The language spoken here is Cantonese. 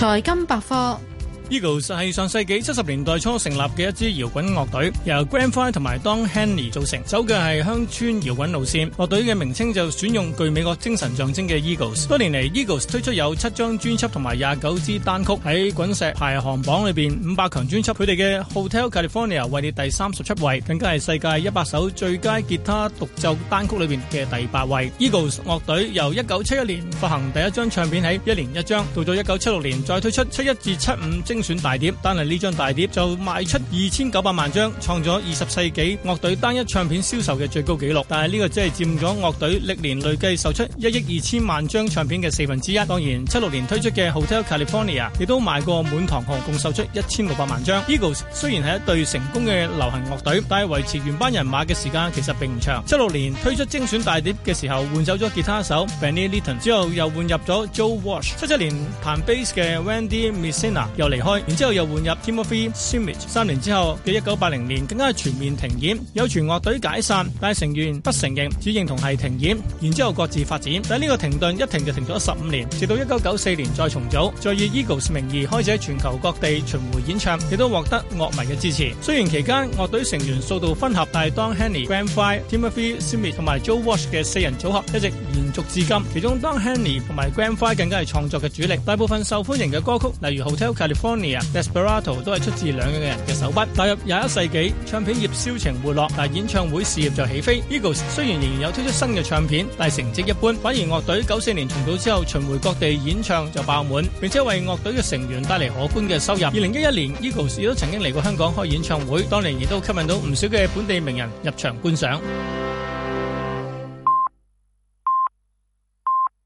財金百科。Eagles 係上世紀七十年代初成立嘅一支搖滾樂隊，由 Glenn Frey 同埋 Don Henley 組成，走嘅係鄉村搖滾路線。樂隊嘅名稱就選用具美國精神象徵嘅 Eagles。多年嚟，Eagles 推出有七張專輯同埋廿九支單曲，喺滾石排行榜裏邊五百強專輯，佢哋嘅 Hotel California 位列第三十七位，更加係世界一百首最佳吉他獨奏單曲裏邊嘅第八位。Eagles 樂隊由一九七一年發行第一張唱片起，一年一張，到咗一九七六年再推出七一至七五精精選大碟，但係呢張大碟就賣出二千九百萬張，創咗二十世紀樂隊單一唱片銷售嘅最高紀錄。但係呢個只係佔咗樂隊歷年累計售出一億二千萬張唱片嘅四分之一。當然，七六年推出嘅《Hotel California》亦都賣過滿堂紅，共售出一千六百萬張。Eagles 雖然係一對成功嘅流行樂隊，但係維持原班人馬嘅時間其實並唔長。七六年推出精選大碟嘅時候，換走咗吉他手 Bernie Leadon，之後又換入咗 Joe Walsh。七七年彈 bass 嘅 Randy Meisner 又離開。然之後又換入 Timothy Schmit。三年之後嘅一九八零年更加係全面停演，有傳樂隊解散，但係成員不承認，只認同係停演。然之後各自發展，但係呢個停頓一停就停咗十五年，直到一九九四年再重組，再以 Eagles 名義開始喺全球各地巡迴演唱，亦都獲得樂迷嘅支持。雖然期間樂隊成員數度分合，但係 Don Henley、Glenn Frey、Timothy Schmit 同埋 Joe Walsh 嘅四人組合一直延續至今。其中 Don Henley 同埋 Glenn Frey 更加係創作嘅主力，大部分受歡迎嘅歌曲，例如 Hotel California、Desperado 都係出自兩個人嘅手筆。踏入廿一世紀，唱片業銷情沒落，但演唱會事業就起飛。Eagles 雖然仍然有推出新嘅唱片，但係成績一般。反而樂隊九四年重組之後，巡迴各地演唱就爆滿，並且為樂隊嘅成員帶嚟可觀嘅收入。二零一一年，Eagles 亦都曾經嚟過香港開演唱會，當年亦都吸引到唔少嘅本地名人入場觀賞。